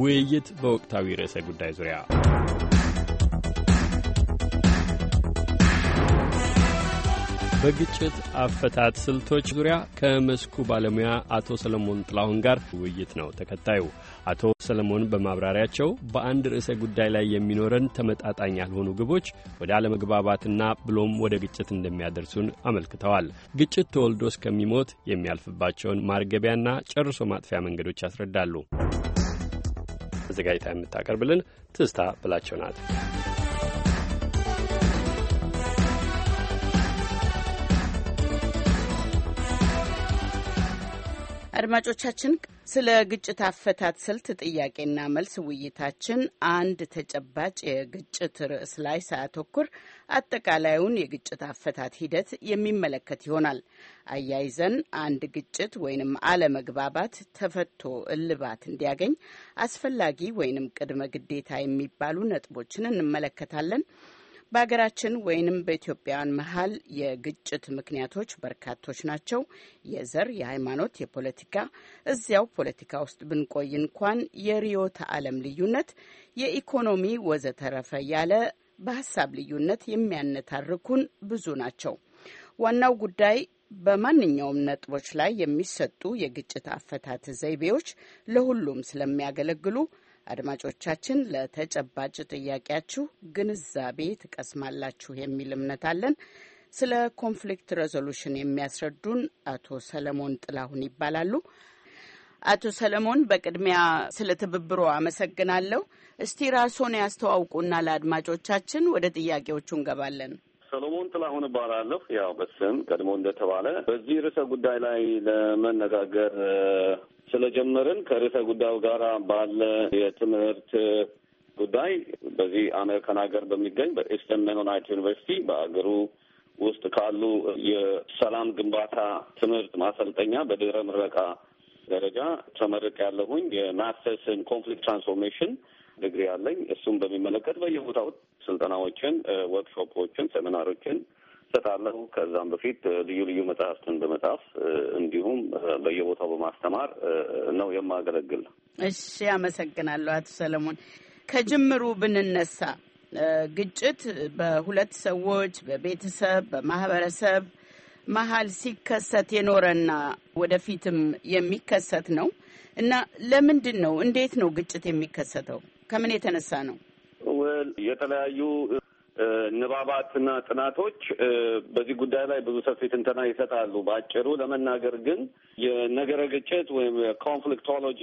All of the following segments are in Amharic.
ውይይት በወቅታዊ ርዕሰ ጉዳይ ዙሪያ በግጭት አፈታት ስልቶች ዙሪያ ከመስኩ ባለሙያ አቶ ሰለሞን ጥላሁን ጋር ውይይት ነው ተከታዩ። አቶ ሰለሞን በማብራሪያቸው በአንድ ርዕሰ ጉዳይ ላይ የሚኖረን ተመጣጣኝ ያልሆኑ ግቦች ወደ አለመግባባትና ብሎም ወደ ግጭት እንደሚያደርሱን አመልክተዋል። ግጭት ተወልዶ እስከሚሞት የሚያልፍባቸውን ማርገቢያና ጨርሶ ማጥፊያ መንገዶች ያስረዳሉ። አዘጋጅታ የምታቀርብልን ትዝታ ብላቸው ናት። አድማጮቻችን ስለ ግጭት አፈታት ስልት ጥያቄና መልስ ውይይታችን አንድ ተጨባጭ የግጭት ርዕስ ላይ ሳያተኩር አጠቃላዩን የግጭት አፈታት ሂደት የሚመለከት ይሆናል። አያይዘን አንድ ግጭት ወይንም አለመግባባት ተፈቶ እልባት እንዲያገኝ አስፈላጊ ወይንም ቅድመ ግዴታ የሚባሉ ነጥቦችን እንመለከታለን። በሀገራችን ወይንም በኢትዮጵያውያን መሀል የግጭት ምክንያቶች በርካቶች ናቸው። የዘር፣ የሃይማኖት፣ የፖለቲካ እዚያው ፖለቲካ ውስጥ ብንቆይ እንኳን የርዕዮተ ዓለም ልዩነት፣ የኢኮኖሚ ወዘተረፈ ያለ በሀሳብ ልዩነት የሚያነታርኩን ብዙ ናቸው። ዋናው ጉዳይ በማንኛውም ነጥቦች ላይ የሚሰጡ የግጭት አፈታት ዘይቤዎች ለሁሉም ስለሚያገለግሉ አድማጮቻችን ለተጨባጭ ጥያቄያችሁ ግንዛቤ ትቀስማላችሁ የሚል እምነት አለን። ስለ ኮንፍሊክት ሬዞሉሽን የሚያስረዱን አቶ ሰለሞን ጥላሁን ይባላሉ። አቶ ሰለሞን በቅድሚያ ስለ ትብብሮ አመሰግናለሁ። እስቲ ራስዎን ያስተዋውቁና ለአድማጮቻችን ወደ ጥያቄዎቹ እንገባለን። ሰሎሞን ጥላሁን እባላለሁ። ያው በስም ቀድሞ እንደተባለ በዚህ ርዕሰ ጉዳይ ላይ ለመነጋገር ስለጀመርን ከርዕሰ ጉዳዩ ጋር ባለ የትምህርት ጉዳይ በዚህ አሜሪካን ሀገር በሚገኝ በኢስተርን ሜኖናይት ዩኒቨርሲቲ በአገሩ ውስጥ ካሉ የሰላም ግንባታ ትምህርት ማሰልጠኛ በድህረ ምረቃ ደረጃ ተመርቅ ያለሁኝ የማስተርስን ኮንፍሊክት ትራንስፎርሜሽን ድግሪ አለኝ። እሱም በሚመለከት በየቦታው ስልጠናዎችን፣ ወርክሾፖችን፣ ሴሚናሮችን እሰጣለሁ። ከዛም በፊት ልዩ ልዩ መጽሐፍትን በመጻፍ እንዲሁም በየቦታው በማስተማር ነው የማገለግል። እሺ፣ አመሰግናለሁ አቶ ሰለሞን። ከጅምሩ ብንነሳ ግጭት በሁለት ሰዎች በቤተሰብ በማህበረሰብ መሀል ሲከሰት የኖረና ወደፊትም የሚከሰት ነው እና ለምንድን ነው እንዴት ነው ግጭት የሚከሰተው? ከምን የተነሳ ነው? የተለያዩ ንባባትና ጥናቶች በዚህ ጉዳይ ላይ ብዙ ሰፊ ትንተና ይሰጣሉ። በአጭሩ ለመናገር ግን የነገረ ግጭት ወይም የኮንፍሊክቶሎጂ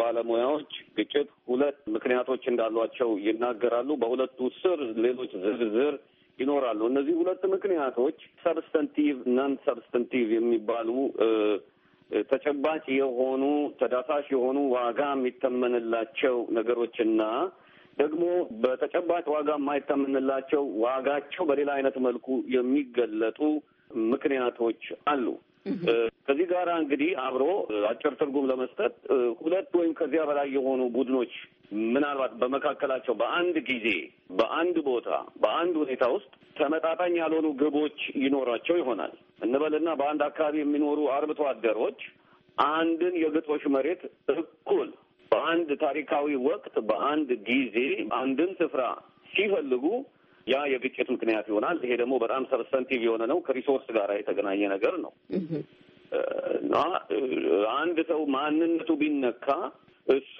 ባለሙያዎች ግጭት ሁለት ምክንያቶች እንዳሏቸው ይናገራሉ። በሁለቱ ስር ሌሎች ዝርዝር ይኖራሉ። እነዚህ ሁለት ምክንያቶች ሰብስተንቲቭ፣ ነን ሰብስተንቲቭ የሚባሉ ተጨባጭ የሆኑ ተዳሳሽ የሆኑ ዋጋ የሚተመንላቸው ነገሮችና ደግሞ በተጨባጭ ዋጋ የማይታመንላቸው ዋጋቸው በሌላ አይነት መልኩ የሚገለጡ ምክንያቶች አሉ። ከዚህ ጋር እንግዲህ አብሮ አጭር ትርጉም ለመስጠት ሁለት ወይም ከዚያ በላይ የሆኑ ቡድኖች ምናልባት በመካከላቸው በአንድ ጊዜ በአንድ ቦታ በአንድ ሁኔታ ውስጥ ተመጣጣኝ ያልሆኑ ግቦች ይኖራቸው ይሆናል እንበልና በአንድ አካባቢ የሚኖሩ አርብቶ አደሮች አንድን የግጦሽ መሬት እኩል በአንድ ታሪካዊ ወቅት በአንድ ጊዜ አንድን ስፍራ ሲፈልጉ ያ የግጭት ምክንያት ይሆናል። ይሄ ደግሞ በጣም ሰብስተንቲቭ የሆነ ነው፣ ከሪሶርስ ጋር የተገናኘ ነገር ነው እና አንድ ሰው ማንነቱ ቢነካ እሱ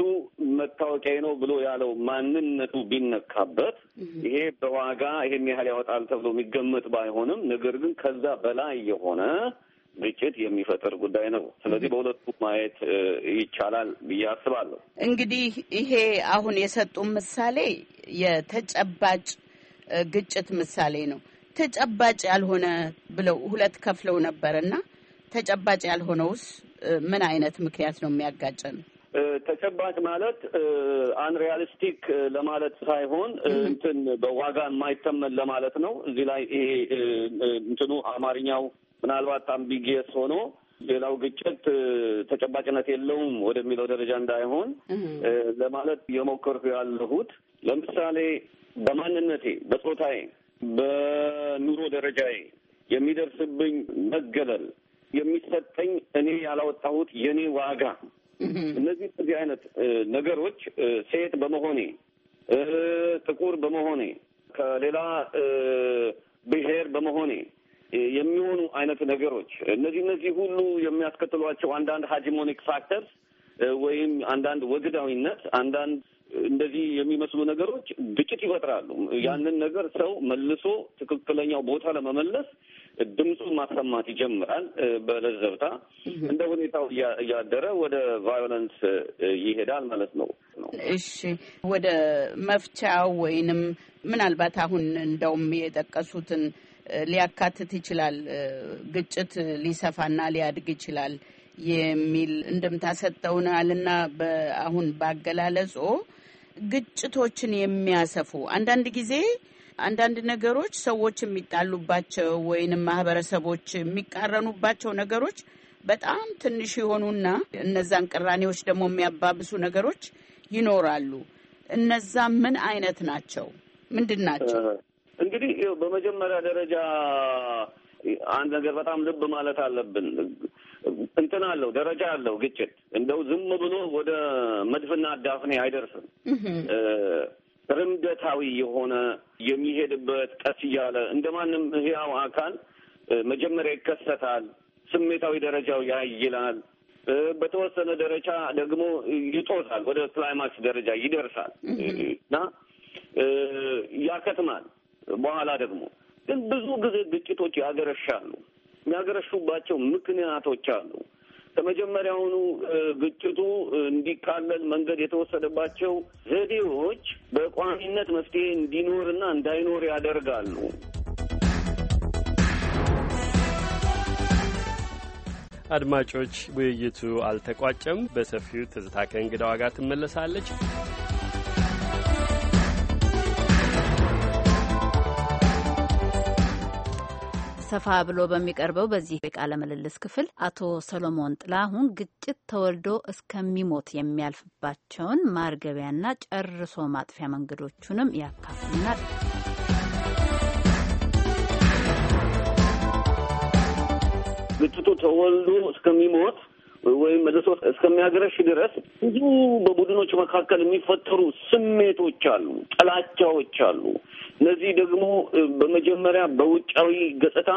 መታወቂያ ነው ብሎ ያለው ማንነቱ ቢነካበት ይሄ በዋጋ ይሄን ያህል ያወጣል ተብሎ የሚገመት ባይሆንም ነገር ግን ከዛ በላይ የሆነ ግጭት የሚፈጥር ጉዳይ ነው። ስለዚህ በሁለቱ ማየት ይቻላል ብዬ አስባለሁ። እንግዲህ ይሄ አሁን የሰጡን ምሳሌ የተጨባጭ ግጭት ምሳሌ ነው። ተጨባጭ ያልሆነ ብለው ሁለት ከፍለው ነበር እና ተጨባጭ ያልሆነውስ ምን አይነት ምክንያት ነው ነው? ተጨባጭ ማለት አንሪያሊስቲክ ለማለት ሳይሆን እንትን በዋጋ የማይተመን ለማለት ነው። እዚህ ላይ ይሄ እንትኑ አማርኛው ምናልባት አምቢጌስ ሆኖ ሌላው ግጭት ተጨባጭነት የለውም ወደሚለው ደረጃ እንዳይሆን ለማለት እየሞከርኩ ያለሁት ለምሳሌ በማንነቴ፣ በጾታዬ፣ በኑሮ ደረጃዬ የሚደርስብኝ መገለል፣ የሚሰጠኝ እኔ ያላወጣሁት የኔ ዋጋ እነዚህ እነዚህ አይነት ነገሮች ሴት በመሆኔ ጥቁር በመሆኔ ከሌላ ብሔር በመሆኔ የሚሆኑ አይነት ነገሮች እነዚህ እነዚህ ሁሉ የሚያስከትሏቸው አንዳንድ ሀጂሞኒክ ፋክተርስ ወይም አንዳንድ ወግዳዊነት፣ አንዳንድ እንደዚህ የሚመስሉ ነገሮች ግጭት ይፈጥራሉ። ያንን ነገር ሰው መልሶ ትክክለኛው ቦታ ለመመለስ ድምፁን ማሰማት ይጀምራል። በለዘብታ እንደ ሁኔታው እያደረ ወደ ቫዮለንስ ይሄዳል ማለት ነው። እሺ፣ ወደ መፍቻው ወይንም ምናልባት አሁን እንደውም የጠቀሱትን ሊያካትት ይችላል፣ ግጭት ሊሰፋና ሊያድግ ይችላል የሚል እንድምታ ሰጠውናል እና አሁን ባገላለጾ ግጭቶችን የሚያሰፉ አንዳንድ ጊዜ አንዳንድ ነገሮች ሰዎች የሚጣሉባቸው ወይንም ማህበረሰቦች የሚቃረኑባቸው ነገሮች በጣም ትንሽ የሆኑና እነዛን ቅራኔዎች ደግሞ የሚያባብሱ ነገሮች ይኖራሉ። እነዛ ምን አይነት ናቸው? ምንድን ናቸው? እንግዲህ በመጀመሪያ ደረጃ አንድ ነገር በጣም ልብ ማለት አለብን። እንትን አለው ደረጃ አለው ግጭት። እንደው ዝም ብሎ ወደ መድፍና አዳፍኔ አይደርስም። ርምደታዊ የሆነ የሚሄድበት ቀስ እያለ እንደ ማንም ህያው አካል መጀመሪያ ይከሰታል። ስሜታዊ ደረጃው ያይላል። በተወሰነ ደረጃ ደግሞ ይጦታል። ወደ ክላይማክስ ደረጃ ይደርሳል እና ያከትማል። በኋላ ደግሞ ግን ብዙ ጊዜ ግጭቶች ያገረሻሉ። የሚያገረሹባቸው ምክንያቶች አሉ። ከመጀመሪያውኑ ግጭቱ እንዲቃለል መንገድ የተወሰደባቸው ዘዴዎች በቋሚነት መፍትሄ እንዲኖርና እንዳይኖር ያደርጋሉ። አድማጮች፣ ውይይቱ አልተቋጨም። በሰፊው ትዝታ ከእንግዳዋ ጋር ትመለሳለች። ሰፋ ብሎ በሚቀርበው በዚህ የቃለ ምልልስ ክፍል አቶ ሰሎሞን ጥላሁን ግጭት ተወልዶ እስከሚሞት የሚያልፍባቸውን ማርገቢያና ጨርሶ ማጥፊያ መንገዶቹንም ያካፍልናል። ግጭቱ ተወልዶ እስከሚሞት ወይም መልሶ እስከሚያገረሽ ድረስ ብዙ በቡድኖች መካከል የሚፈጠሩ ስሜቶች አሉ፣ ጥላቻዎች አሉ። እነዚህ ደግሞ በመጀመሪያ በውጫዊ ገጽታ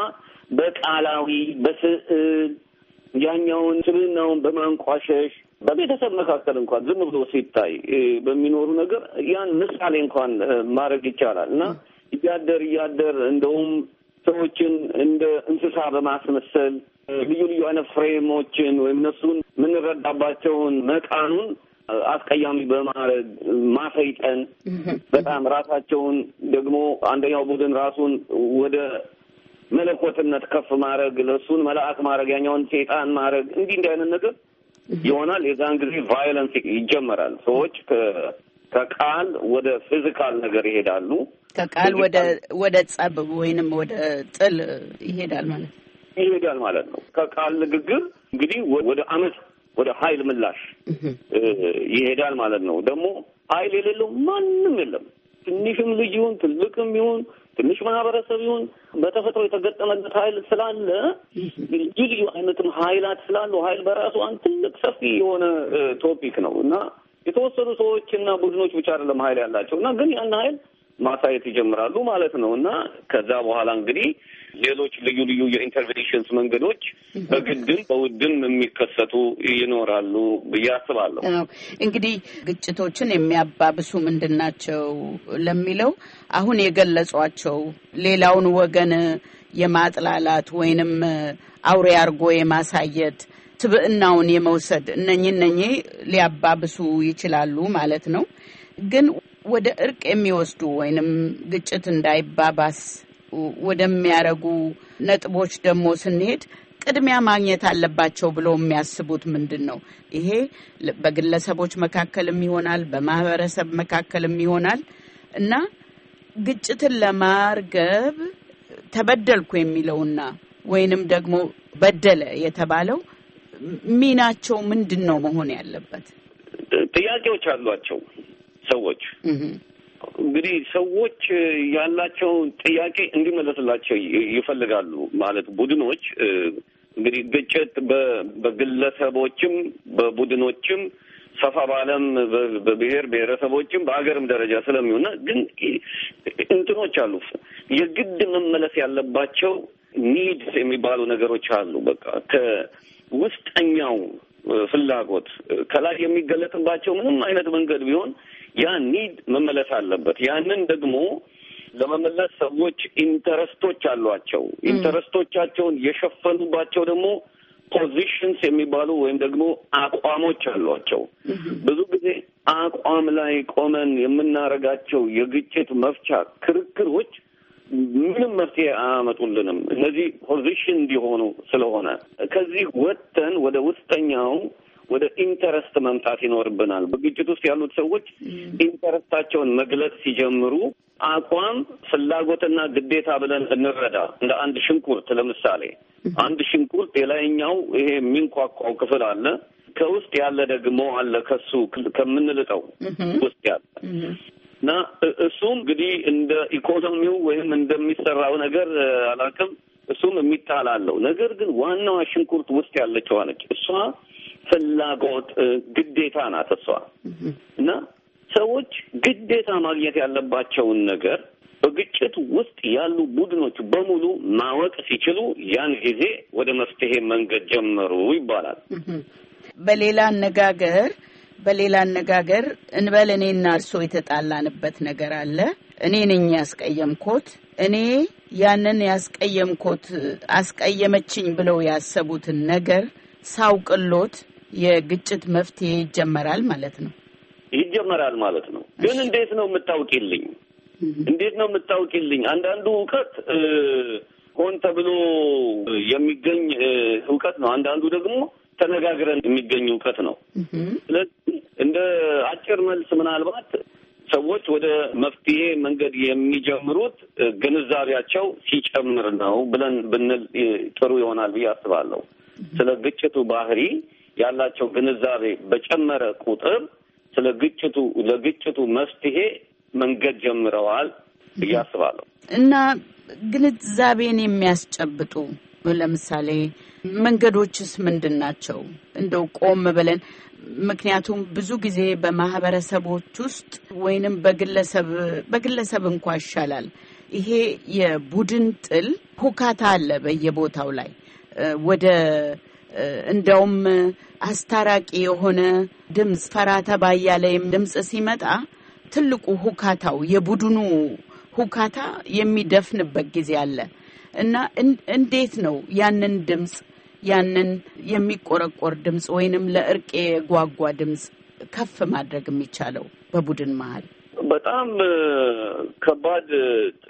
በቃላዊ በስዕል ያኛውን ስብናውን በማንቋሸሽ በቤተሰብ መካከል እንኳን ዝም ብሎ ሲታይ በሚኖሩ ነገር ያን ምሳሌ እንኳን ማድረግ ይቻላል እና እያደር እያደር እንደውም ሰዎችን እንደ እንስሳ በማስመሰል ልዩ ልዩ አይነት ፍሬሞችን ወይም እነሱን የምንረዳባቸውን መቃኑን አስቀያሚ በማድረግ ማሰይጠን በጣም ራሳቸውን ደግሞ አንደኛው ቡድን ራሱን ወደ መለኮትነት ከፍ ማድረግ ለእሱን መልአክ ማድረግ ያኛውን ሴጣን ማድረግ እንዲህ እንዲህ አይነት ነገር ይሆናል። የዛን ጊዜ ቫዮለንስ ይጀመራል። ሰዎች ከቃል ወደ ፊዚካል ነገር ይሄዳሉ። ከቃል ወደ ወደ ጸብ ወይንም ወደ ጥል ይሄዳል ማለት ነው። ይሄዳል ማለት ነው። ከቃል ንግግር እንግዲህ ወደ አመት ወደ ኃይል ምላሽ ይሄዳል ማለት ነው። ደግሞ ኃይል የሌለው ማንም የለም። ትንሽም ልጅ ይሁን ትልቅም ይሁን ትንሽ ማህበረሰብ ይሁን በተፈጥሮ የተገጠመለት ኃይል ስላለ ልዩ ልዩ አይነትም ኃይላት ስላሉ ኃይል በራሱ አንድ ትልቅ ሰፊ የሆነ ቶፒክ ነው እና የተወሰኑ ሰዎች እና ቡድኖች ብቻ አይደለም ኃይል ያላቸው እና ግን ያን ኃይል ማሳየት ይጀምራሉ ማለት ነው እና ከዛ በኋላ እንግዲህ ሌሎች ልዩ ልዩ የኢንተርቬንሽንስ መንገዶች በግድም በውድም የሚከሰቱ ይኖራሉ ብዬ አስባለሁ። እንግዲህ ግጭቶችን የሚያባብሱ ምንድን ናቸው ለሚለው አሁን የገለጿቸው ሌላውን ወገን የማጥላላት ወይንም አውሬ አድርጎ የማሳየት ትብዕናውን የመውሰድ እነኚህ እነኚህ ሊያባብሱ ይችላሉ ማለት ነው ግን ወደ እርቅ የሚወስዱ ወይንም ግጭት እንዳይባባስ ወደሚያረጉ ነጥቦች ደግሞ ስንሄድ ቅድሚያ ማግኘት አለባቸው ብሎ የሚያስቡት ምንድን ነው? ይሄ በግለሰቦች መካከልም ይሆናል፣ በማህበረሰብ መካከልም ይሆናል እና ግጭትን ለማርገብ ተበደልኩ የሚለውና ወይንም ደግሞ በደለ የተባለው ሚናቸው ምንድን ነው መሆን ያለበት? ጥያቄዎች አሏቸው ሰዎች እንግዲህ ሰዎች ያላቸውን ጥያቄ እንዲመለስላቸው ይፈልጋሉ። ማለት ቡድኖች እንግዲህ ግጭት በግለሰቦችም በቡድኖችም ሰፋ ባለም በብሔር ብሔረሰቦችም በሀገርም ደረጃ ስለሚሆንና ግን እንትኖች አሉ የግድ መመለስ ያለባቸው ኒድስ የሚባሉ ነገሮች አሉ። በቃ ከውስጠኛው ፍላጎት ከላይ የሚገለጥባቸው ምንም አይነት መንገድ ቢሆን ያ ኒድ መመለስ አለበት። ያንን ደግሞ ለመመለስ ሰዎች ኢንተረስቶች አሏቸው። ኢንተረስቶቻቸውን የሸፈኑባቸው ደግሞ ፖዚሽንስ የሚባሉ ወይም ደግሞ አቋሞች አሏቸው። ብዙ ጊዜ አቋም ላይ ቆመን የምናደርጋቸው የግጭት መፍቻ ክርክሮች ምንም መፍትሄ አያመጡልንም። እነዚህ ፖዚሽን እንዲሆኑ ስለሆነ ከዚህ ወጥተን ወደ ውስጠኛው ወደ ኢንተረስት መምጣት ይኖርብናል። በግጭት ውስጥ ያሉት ሰዎች ኢንተረስታቸውን መግለጽ ሲጀምሩ አቋም፣ ፍላጎትና ግዴታ ብለን እንረዳ። እንደ አንድ ሽንኩርት ለምሳሌ አንድ ሽንኩርት የላይኛው ይሄ የሚንኳኳው ክፍል አለ ከውስጥ ያለ ደግሞ አለ ከሱ ከምንልጠው ውስጥ ያለ እና እሱም እንግዲህ እንደ ኢኮኖሚው ወይም እንደሚሰራው ነገር አላውቅም። እሱም የሚጣላለው ነገር ግን ዋናዋ ሽንኩርት ውስጥ ያለችዋ እሷ ፍላጎት ግዴታ ናት እሷ እና ሰዎች ግዴታ ማግኘት ያለባቸውን ነገር በግጭት ውስጥ ያሉ ቡድኖች በሙሉ ማወቅ ሲችሉ ያን ጊዜ ወደ መፍትሄ መንገድ ጀመሩ ይባላል። በሌላ አነጋገር በሌላ አነጋገር እንበል እኔና እርሶ የተጣላንበት ነገር አለ። እኔ ነኝ ያስቀየምኮት። እኔ ያንን ያስቀየምኮት አስቀየመችኝ ብለው ያሰቡትን ነገር ሳውቅሎት የግጭት መፍትሄ ይጀመራል ማለት ነው። ይጀመራል ማለት ነው። ግን እንዴት ነው የምታውቂልኝ? እንዴት ነው የምታውቂልኝ? አንዳንዱ እውቀት ሆን ተብሎ የሚገኝ እውቀት ነው። አንዳንዱ ደግሞ ተነጋግረን የሚገኝ እውቀት ነው። ስለዚህ እንደ አጭር መልስ ምናልባት ሰዎች ወደ መፍትሄ መንገድ የሚጀምሩት ግንዛቤያቸው ሲጨምር ነው ብለን ብንል ጥሩ ይሆናል ብዬ አስባለሁ። ስለ ግጭቱ ባህሪ ያላቸው ግንዛቤ በጨመረ ቁጥር ስለ ግጭቱ ለግጭቱ መፍትሄ መንገድ ጀምረዋል እያስባለሁ እና ግንዛቤን የሚያስጨብጡ ለምሳሌ መንገዶችስ ምንድን ናቸው? እንደው ቆም ብለን ምክንያቱም ብዙ ጊዜ በማህበረሰቦች ውስጥ ወይንም በግለሰብ በግለሰብ እንኳ ይሻላል ይሄ የቡድን ጥል ሁካታ አለ በየቦታው ላይ ወደ እንደውም አስታራቂ የሆነ ድምፅ ፈራ ተባ እያለም ድምፅ ሲመጣ ትልቁ ሁካታው የቡድኑ ሁካታ የሚደፍንበት ጊዜ አለ እና እንዴት ነው ያንን ድምፅ ያንን የሚቆረቆር ድምፅ ወይንም ለእርቅ የጓጓ ድምፅ ከፍ ማድረግ የሚቻለው በቡድን መሀል? በጣም ከባድ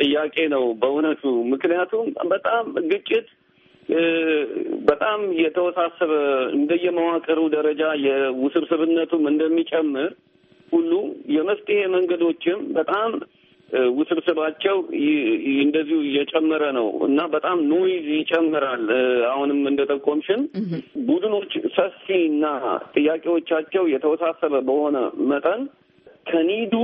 ጥያቄ ነው በእውነቱ። ምክንያቱም በጣም ግጭት በጣም የተወሳሰበ እንደየመዋቅሩ ደረጃ የውስብስብነቱም እንደሚጨምር ሁሉ የመፍትሄ መንገዶችም በጣም ውስብስባቸው እንደዚሁ እየጨመረ ነው እና በጣም ኖይዝ ይጨምራል። አሁንም እንደ ጠቆምሽን ቡድኖች ሰፊ እና ጥያቄዎቻቸው የተወሳሰበ በሆነ መጠን ከኒዱ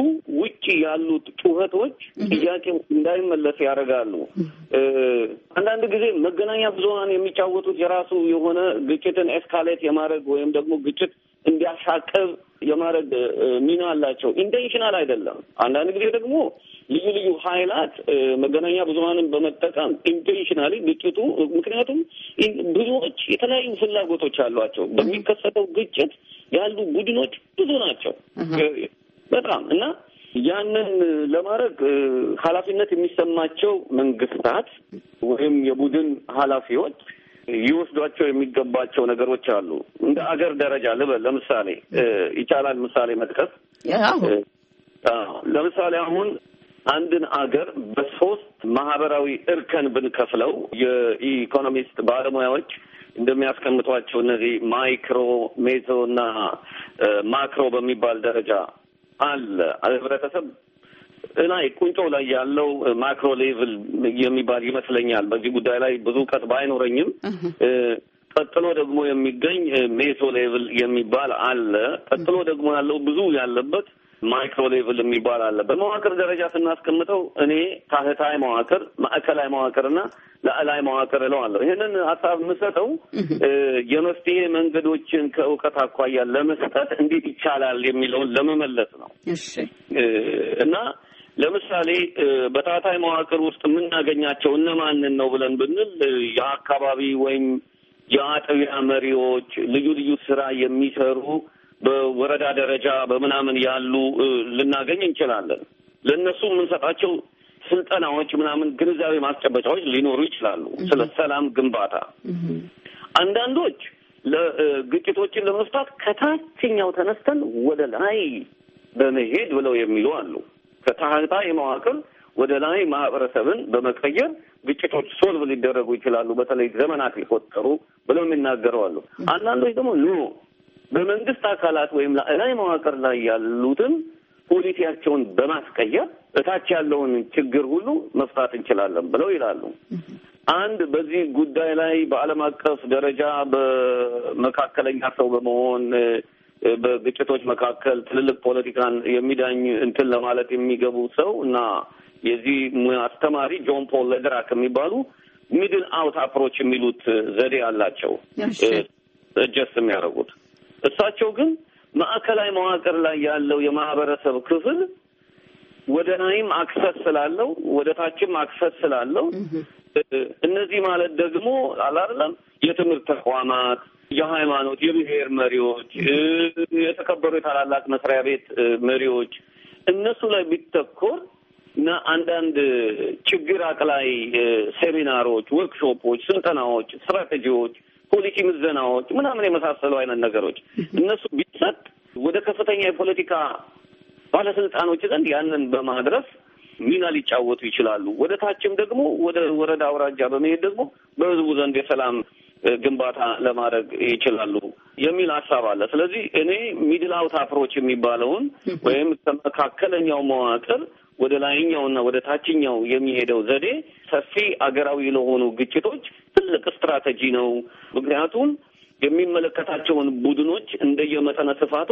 ውጭ ያሉት ጩኸቶች ጥያቄ እንዳይመለስ ያደርጋሉ። አንዳንድ ጊዜ መገናኛ ብዙኃን የሚጫወቱት የራሱ የሆነ ግጭትን ኤስካሌት የማድረግ ወይም ደግሞ ግጭት እንዲያሻቅብ የማድረግ ሚና አላቸው። ኢንቴንሽናል አይደለም። አንዳንድ ጊዜ ደግሞ ልዩ ልዩ ኃይላት መገናኛ ብዙኃንን በመጠቀም ኢንቴንሽናሊ ግጭቱ ምክንያቱም ብዙዎች የተለያዩ ፍላጎቶች አሏቸው። በሚከሰተው ግጭት ያሉ ቡድኖች ብዙ ናቸው። በጣም እና ያንን ለማድረግ ኃላፊነት የሚሰማቸው መንግስታት ወይም የቡድን ኃላፊዎች ይወስዷቸው የሚገባቸው ነገሮች አሉ። እንደ አገር ደረጃ ልበል ለምሳሌ ይቻላል ምሳሌ መጥቀስ ለምሳሌ አሁን አንድን አገር በሶስት ማህበራዊ እርከን ብንከፍለው የኢኮኖሚስት ባለሙያዎች እንደሚያስቀምጧቸው እነዚህ ማይክሮ፣ ሜዞ እና ማክሮ በሚባል ደረጃ አለ ህብረተሰብ ላይ ቁንጮ ላይ ያለው ማክሮ ሌቭል የሚባል ይመስለኛል። በዚህ ጉዳይ ላይ ብዙ እውቀት ባይኖረኝም ቀጥሎ ደግሞ የሚገኝ ሜሶ ሌቭል የሚባል አለ። ቀጥሎ ደግሞ ያለው ብዙ ያለበት ማይክሮ ሌቭል የሚባል አለ። በመዋቅር ደረጃ ስናስቀምጠው እኔ ታህታይ መዋቅር፣ ማዕከላዊ መዋቅርና ላዕላይ መዋቅር እለዋለሁ። ይህንን ሀሳብ የምሰጠው የመፍትሄ መንገዶችን ከእውቀት አኳያ ለመስጠት እንዴት ይቻላል የሚለውን ለመመለስ ነው እና ለምሳሌ በታህታይ መዋቅር ውስጥ የምናገኛቸው እነማንን ነው ብለን ብንል የአካባቢ ወይም የአጥቢያ መሪዎች፣ ልዩ ልዩ ስራ የሚሰሩ በወረዳ ደረጃ በምናምን ያሉ ልናገኝ እንችላለን። ለእነሱ የምንሰጣቸው ስልጠናዎች ምናምን ግንዛቤ ማስጨበጫዎች ሊኖሩ ይችላሉ። ስለ ሰላም ግንባታ አንዳንዶች ግጭቶችን ለመፍታት ከታችኛው ተነስተን ወደ ላይ በመሄድ ብለው የሚሉ አሉ። ከታህታይ መዋቅር ወደ ላይ ማህበረሰብን በመቀየር ግጭቶች ሶልቭ ሊደረጉ ይችላሉ፣ በተለይ ዘመናት ሊቆጠሩ ብለው የሚናገሩ አሉ። አንዳንዶች ደግሞ ኖ በመንግስት አካላት ወይም ላይ መዋቅር ላይ ያሉትን ፖሊሲያቸውን በማስቀየር እታች ያለውን ችግር ሁሉ መፍታት እንችላለን ብለው ይላሉ። አንድ በዚህ ጉዳይ ላይ በዓለም አቀፍ ደረጃ በመካከለኛ ሰው በመሆን በግጭቶች መካከል ትልልቅ ፖለቲካን የሚዳኝ እንትን ለማለት የሚገቡ ሰው እና የዚህ ሙያ አስተማሪ ጆን ፖል ለድራክ የሚባሉ ሚድል አውት አፕሮች የሚሉት ዘዴ አላቸው። እጀስ የሚያደርጉት እሳቸው ግን ማዕከላዊ መዋቅር ላይ ያለው የማህበረሰብ ክፍል ወደ ላይም አክሰስ ስላለው ወደ ታችም አክሰስ ስላለው እነዚህ ማለት ደግሞ አላለም የትምህርት ተቋማት፣ የሃይማኖት፣ የብሔር መሪዎች፣ የተከበሩ የታላላቅ መስሪያ ቤት መሪዎች እነሱ ላይ ቢተኮር እና አንዳንድ ችግር አቅላይ ሴሚናሮች፣ ወርክሾፖች፣ ስልጠናዎች፣ ስትራቴጂዎች ፖሊሲ ምዘናዎች ምናምን የመሳሰሉ አይነት ነገሮች እነሱ ቢሰጥ ወደ ከፍተኛ የፖለቲካ ባለስልጣኖች ዘንድ ያንን በማድረስ ሚና ሊጫወቱ ይችላሉ። ወደ ታችም ደግሞ ወደ ወረዳ አውራጃ በመሄድ ደግሞ በህዝቡ ዘንድ የሰላም ግንባታ ለማድረግ ይችላሉ የሚል ሀሳብ አለ። ስለዚህ እኔ ሚድል አውት አፕሮች የሚባለውን ወይም ከመካከለኛው መዋቅር ወደ ላይኛውና ወደ ታችኛው የሚሄደው ዘዴ ሰፊ አገራዊ ለሆኑ ግጭቶች ትልቅ ስትራቴጂ ነው። ምክንያቱም የሚመለከታቸውን ቡድኖች እንደየመጠነ ስፋቱ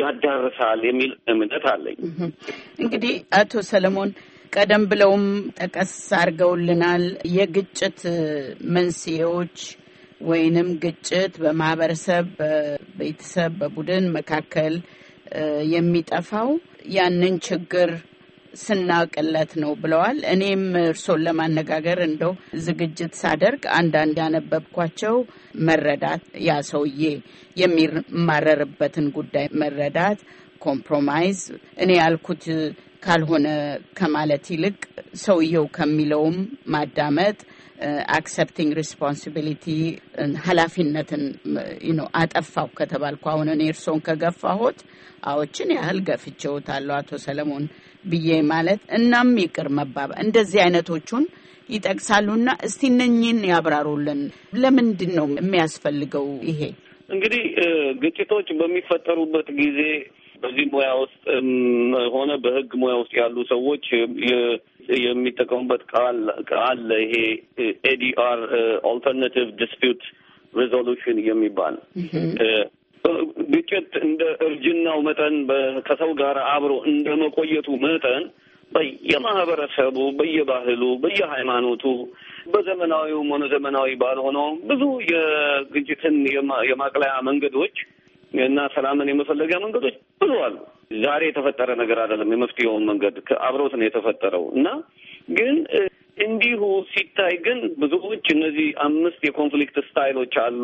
ያዳርሳል የሚል እምነት አለኝ። እንግዲህ አቶ ሰለሞን ቀደም ብለውም ጠቀስ አድርገውልናል። የግጭት መንስኤዎች ወይንም ግጭት በማህበረሰብ፣ በቤተሰብ፣ በቡድን መካከል የሚጠፋው ያንን ችግር ስናውቅለት ነው ብለዋል። እኔም እርሶን ለማነጋገር እንደው ዝግጅት ሳደርግ አንዳንድ ያነበብኳቸው መረዳት ያ ሰውዬ የሚማረርበትን ጉዳይ መረዳት፣ ኮምፕሮማይዝ እኔ ያልኩት ካልሆነ ከማለት ይልቅ ሰውየው ከሚለውም ማዳመጥ አክሰፕቲንግ ሪስፖንሲቢሊቲ ኃላፊነትን አጠፋው ከተባልኩ አሁን እኔ እርሶን ከገፋሁት አዎችን ያህል ገፍቼዎታለሁ አቶ ሰለሞን ብዬ ማለት እናም ይቅር መባብ እንደዚህ አይነቶቹን ይጠቅሳሉና እስቲ እነኝን ያብራሩልን። ለምንድን ነው የሚያስፈልገው ይሄ? እንግዲህ ግጭቶች በሚፈጠሩበት ጊዜ በዚህ ሙያ ውስጥ ሆነ በሕግ ሙያ ውስጥ ያሉ ሰዎች የሚጠቀሙበት ቃል አለ። ይሄ ኤዲአር ኦልተርናቲቭ ዲስፒዩት ሪዞሉሽን የሚባል ግጭት እንደ እርጅናው መጠን ከሰው ጋር አብሮ እንደ መቆየቱ መጠን በየማህበረሰቡ፣ በየባህሉ፣ በየሃይማኖቱ በዘመናዊውም ሆነ ዘመናዊ ባልሆነው ብዙ የግጭትን የማቅለያ መንገዶች እና ሰላምን የመፈለጊያ መንገዶች ብዙ አሉ። ዛሬ የተፈጠረ ነገር አይደለም። የመፍትሄውን መንገድ አብሮት ነው የተፈጠረው እና ግን እንዲሁ ሲታይ ግን ብዙዎች እነዚህ አምስት የኮንፍሊክት ስታይሎች አሉ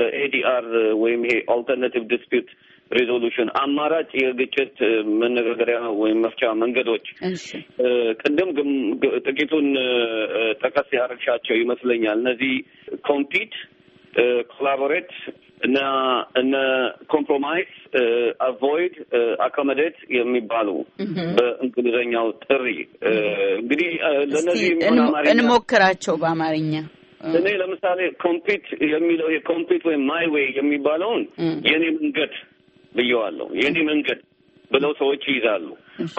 ለኤዲአር ወይም ይሄ አልተርናቲቭ ዲስፒት ሪዞሉሽን አማራጭ የግጭት መነጋገሪያ ወይም መፍቻ መንገዶች ቅድም ጥቂቱን ጠቀስ ያደረግሻቸው ይመስለኛል። እነዚህ ኮምፒት፣ ኮላቦሬት እና እነ ኮምፕሮማይስ አቮይድ አኮመዴት የሚባሉ በእንግሊዝኛው ጥሪ እንግዲህ ለእነዚህ እንሞክራቸው በአማርኛ እኔ ለምሳሌ ኮምፒት የሚለው የኮምፒት ወይም ማይ ዌይ የሚባለውን የኔ መንገድ ብየዋለሁ። የኔ መንገድ ብለው ሰዎች ይይዛሉ።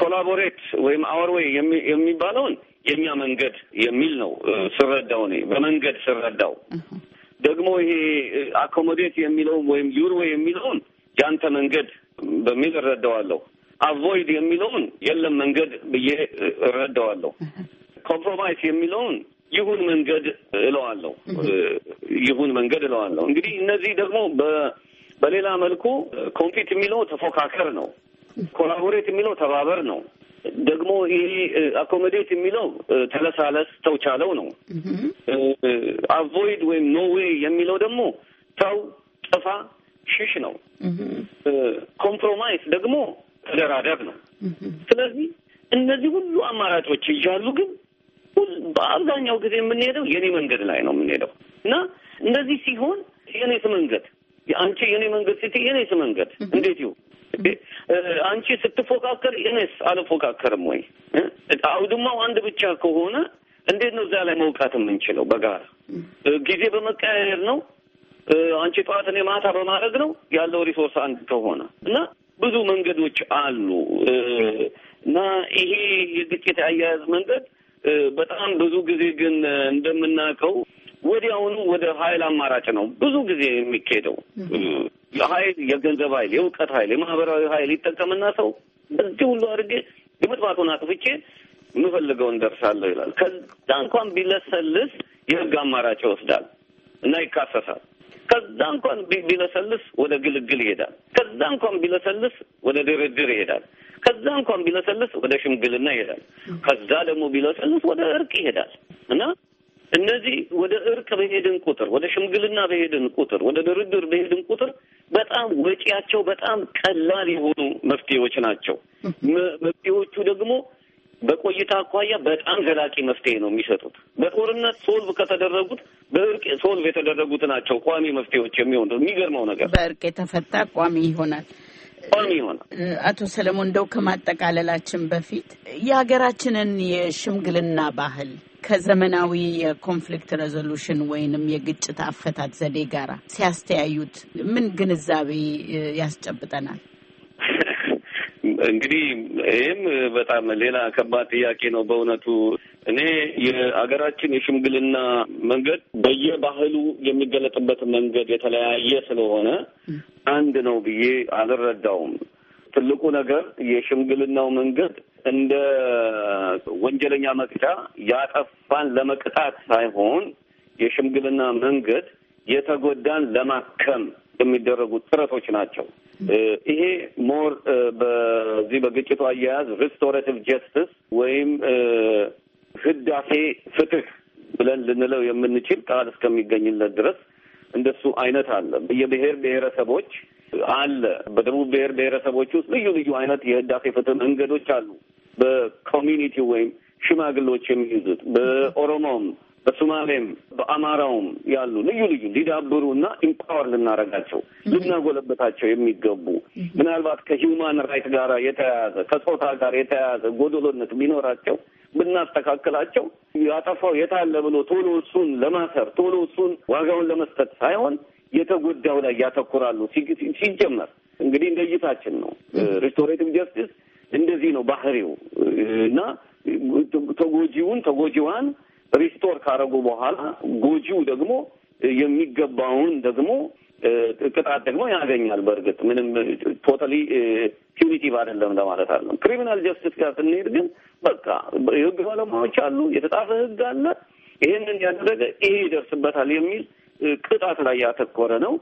ኮላቦሬት ወይም አወር ዌይ የሚባለውን የእኛ መንገድ የሚል ነው ስረዳው እኔ በመንገድ ስረዳው ደግሞ ይሄ አኮሞዴት የሚለውን ወይም ዩሮ የሚለውን ያንተ መንገድ በሚል እረዳዋለሁ። አቮይድ የሚለውን የለም መንገድ ብዬ እረዳዋለሁ። ኮምፕሮማይስ የሚለውን ይሁን መንገድ እለዋለሁ። ይሁን መንገድ እለዋለሁ። እንግዲህ እነዚህ ደግሞ በሌላ መልኩ ኮምፒት የሚለው ተፎካከር ነው። ኮላቦሬት የሚለው ተባበር ነው። ደግሞ ይሄ አኮሞዴት የሚለው ተለሳለስ ተውቻለው ነው። አቮይድ ወይም ኖ ዌይ የሚለው ደግሞ ተው፣ ጥፋ፣ ሽሽ ነው። ኮምፕሮማይስ ደግሞ ተደራደር ነው። ስለዚህ እነዚህ ሁሉ አማራጮች እያሉ ግን በአብዛኛው ጊዜ የምንሄደው የኔ መንገድ ላይ ነው የምንሄደው እና እንደዚህ ሲሆን የኔስ መንገድ አንቺ የኔ መንገድ ስትይ የኔስ መንገድ እንዴት ይሁን አንቺ ስትፎካከር እኔስ አልፎካከርም ወይ? አውድማው አንድ ብቻ ከሆነ እንዴት ነው እዛ ላይ መውቃት የምንችለው? በጋራ ጊዜ በመቀያየር ነው። አንቺ ጠዋት እኔ ማታ በማድረግ ነው ያለው ሪሶርስ አንድ ከሆነ እና ብዙ መንገዶች አሉ እና ይሄ የግጭት አያያዝ መንገድ በጣም ብዙ ጊዜ ግን እንደምናውቀው ወዲያውኑ ወደ ኃይል አማራጭ ነው ብዙ ጊዜ የሚካሄደው። የኃይል የገንዘብ ኃይል፣ የእውቀት ኃይል፣ የማህበራዊ ኃይል ይጠቀምና ሰው በዚህ ሁሉ አድርጌ የመጥፋቱን አጥፍቼ የምፈልገውን ደርሳለሁ ይላል። ከዛ እንኳን ቢለሰልስ የህግ አማራጭ ይወስዳል እና ይካሰሳል። ከዛ እንኳን ቢለሰልስ ወደ ግልግል ይሄዳል። ከዛ እንኳን ቢለሰልስ ወደ ድርድር ይሄዳል። ከዛ እንኳን ቢለሰልስ ወደ ሽምግልና ይሄዳል። ከዛ ደግሞ ቢለሰልስ ወደ እርቅ ይሄዳል እና እነዚህ ወደ እርቅ በሄድን ቁጥር፣ ወደ ሽምግልና በሄድን ቁጥር፣ ወደ ድርድር በሄድን ቁጥር በጣም ወጪያቸው በጣም ቀላል የሆኑ መፍትሄዎች ናቸው። መፍትሄዎቹ ደግሞ በቆይታ አኳያ በጣም ዘላቂ መፍትሄ ነው የሚሰጡት። በጦርነት ሶልቭ ከተደረጉት በእርቅ ሶልቭ የተደረጉት ናቸው ቋሚ መፍትሄዎች የሚሆኑ የሚገርመው ነገር በእርቅ የተፈታ ቋሚ ይሆናል። አቶ ሰለሞን እንደው ከማጠቃለላችን በፊት የሀገራችንን የሽምግልና ባህል ከዘመናዊ የኮንፍሊክት ሬዞሉሽን ወይንም የግጭት አፈታት ዘዴ ጋራ ሲያስተያዩት ምን ግንዛቤ ያስጨብጠናል? እንግዲህ ይህም በጣም ሌላ ከባድ ጥያቄ ነው በእውነቱ እኔ የአገራችን የሽምግልና መንገድ በየባህሉ የሚገለጥበት መንገድ የተለያየ ስለሆነ አንድ ነው ብዬ አልረዳውም። ትልቁ ነገር የሽምግልናው መንገድ እንደ ወንጀለኛ መቅጫ ያጠፋን ለመቅጣት ሳይሆን የሽምግልና መንገድ የተጎዳን ለማከም የሚደረጉ ጥረቶች ናቸው። ይሄ ሞር በዚህ በግጭቱ አያያዝ ሪስቶሬቲቭ ጀስትስ ወይም ህዳሴ ፍትህ ብለን ልንለው የምንችል ቃል እስከሚገኝለት ድረስ እንደሱ አይነት አለ። የብሔር ብሔረሰቦች አለ። በደቡብ ብሔር ብሔረሰቦች ውስጥ ልዩ ልዩ አይነት የህዳሴ ፍትህ መንገዶች አሉ። በኮሚኒቲ ወይም ሽማግሎች የሚይዙት በኦሮሞም በሶማሌም በአማራውም ያሉ ልዩ ልዩ ሊዳብሩ እና ኢምፓወር ልናደርጋቸው ልናጎለበታቸው የሚገቡ ምናልባት ከሂውማን ራይት ጋር የተያያዘ ከጾታ ጋር የተያያዘ ጎደሎነት ቢኖራቸው ብናስተካክላቸው ያጠፋው የታለ ብሎ ቶሎ እሱን ለማሰር ቶሎ እሱን ዋጋውን ለመስጠት ሳይሆን የተጎዳው ላይ ያተኩራሉ። ሲጀመር እንግዲህ እንደ እይታችን ነው። ሪስቶሬቲቭ ጀስቲስ እንደዚህ ነው ባህሪው እና ተጎጂውን ተጎጂዋን ሪስቶር ካደረጉ በኋላ ጎጂው ደግሞ የሚገባውን ደግሞ ቅጣት ደግሞ ያገኛል። በእርግጥ ምንም ቶታሊ ፒኒቲቭ አይደለም ለማለት አለም። ክሪሚናል ጀስቲስ ጋር ስንሄድ ግን በቃ የህግ ባለሙያዎች አሉ፣ የተጻፈ ህግ አለ። ይህንን ያደረገ ይሄ ይደርስበታል የሚል ቅጣት ላይ ያተኮረ ነው።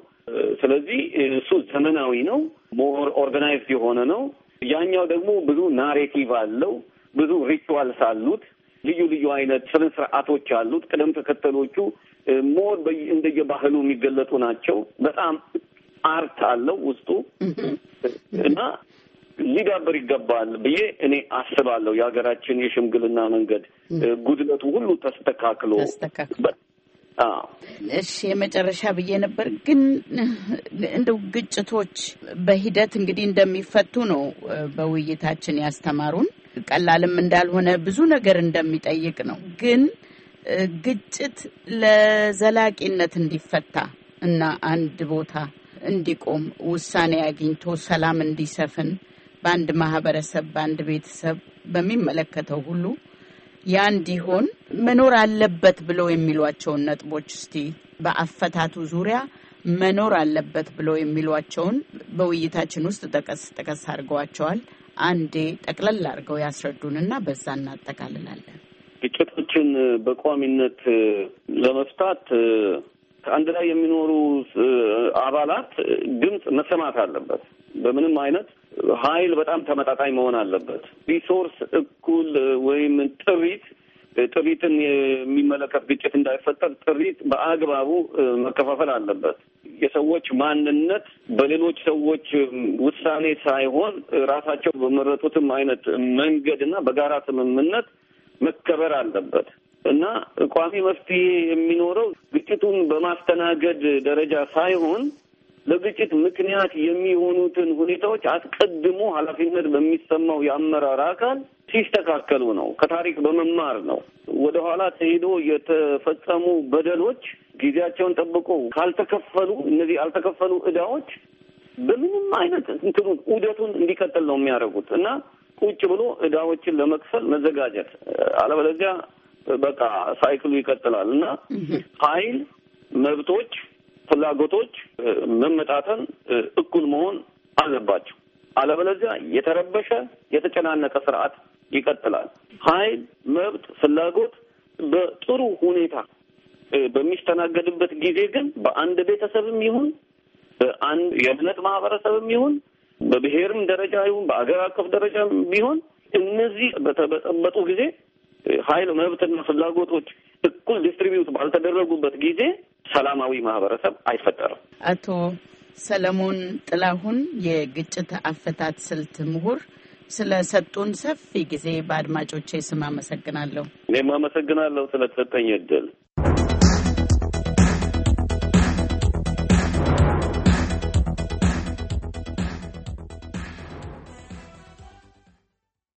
ስለዚህ እሱ ዘመናዊ ነው፣ ሞር ኦርጋናይዝድ የሆነ ነው። ያኛው ደግሞ ብዙ ናሬቲቭ አለው፣ ብዙ ሪቹዋልስ አሉት፣ ልዩ ልዩ አይነት ስነ ስርዓቶች አሉት። ቅደም ተከተሎቹ ሞር እንደየባህሉ የሚገለጡ ናቸው። በጣም አርት አለው ውስጡ እና ሊዳበር ይገባል ብዬ እኔ አስባለሁ። የሀገራችን የሽምግልና መንገድ ጉድለቱ ሁሉ ተስተካክሎ እሺ የመጨረሻ ብዬ ነበር። ግን እንደው ግጭቶች በሂደት እንግዲህ እንደሚፈቱ ነው በውይይታችን ያስተማሩን። ቀላልም እንዳልሆነ ብዙ ነገር እንደሚጠይቅ ነው። ግን ግጭት ለዘላቂነት እንዲፈታ እና አንድ ቦታ እንዲቆም ውሳኔ አግኝቶ ሰላም እንዲሰፍን በአንድ ማህበረሰብ በአንድ ቤተሰብ በሚመለከተው ሁሉ ያ እንዲሆን መኖር አለበት ብለው የሚሏቸውን ነጥቦች እስቲ በአፈታቱ ዙሪያ መኖር አለበት ብለው የሚሏቸውን በውይይታችን ውስጥ ጠቀስ ጠቀስ አድርገዋቸዋል። አንዴ ጠቅለል አድርገው ያስረዱንና በዛ እናጠቃልላለን። ግጭቶች ችግሮችን በቋሚነት ለመፍታት አንድ ላይ የሚኖሩ አባላት ድምፅ መሰማት አለበት። በምንም አይነት ኃይል በጣም ተመጣጣኝ መሆን አለበት። ሪሶርስ እኩል ወይም ጥሪት ጥሪትን የሚመለከት ግጭት እንዳይፈጠር ጥሪት በአግባቡ መከፋፈል አለበት። የሰዎች ማንነት በሌሎች ሰዎች ውሳኔ ሳይሆን ራሳቸው በመረጡትም አይነት መንገድ እና በጋራ ስምምነት መከበር አለበት እና ቋሚ መፍትሄ የሚኖረው ግጭቱን በማስተናገድ ደረጃ ሳይሆን ለግጭት ምክንያት የሚሆኑትን ሁኔታዎች አስቀድሞ ኃላፊነት በሚሰማው የአመራር አካል ሲስተካከሉ ነው። ከታሪክ በመማር ነው። ወደኋላ ተሄዶ የተፈጸሙ በደሎች ጊዜያቸውን ጠብቆ ካልተከፈሉ እነዚህ ያልተከፈሉ እዳዎች በምንም አይነት እንትኑን ውደቱን እንዲቀጥል ነው የሚያደርጉት እና ቁጭ ብሎ እዳዎችን ለመክፈል መዘጋጀት፣ አለበለዚያ በቃ ሳይክሉ ይቀጥላል እና ኃይል፣ መብቶች፣ ፍላጎቶች መመጣጠን እኩል መሆን አለባቸው። አለበለዚያ የተረበሸ የተጨናነቀ ስርዓት ይቀጥላል። ኃይል፣ መብት፣ ፍላጎት በጥሩ ሁኔታ በሚስተናገድበት ጊዜ ግን በአንድ ቤተሰብም ይሁን በአንድ የእምነት ማህበረሰብም ይሁን በብሔርም ደረጃ ይሁን በአገር አቀፍ ደረጃ ቢሆን እነዚህ በተበጠበጡ ጊዜ ኃይል መብትና ፍላጎቶች እኩል ዲስትሪቢዩት ባልተደረጉበት ጊዜ ሰላማዊ ማህበረሰብ አይፈጠርም። አቶ ሰለሞን ጥላሁን የግጭት አፈታት ስልት ምሁር ስለሰጡን ሰፊ ጊዜ በአድማጮቼ ስም አመሰግናለሁ። እኔም አመሰግናለሁ ስለተሰጠኝ እድል።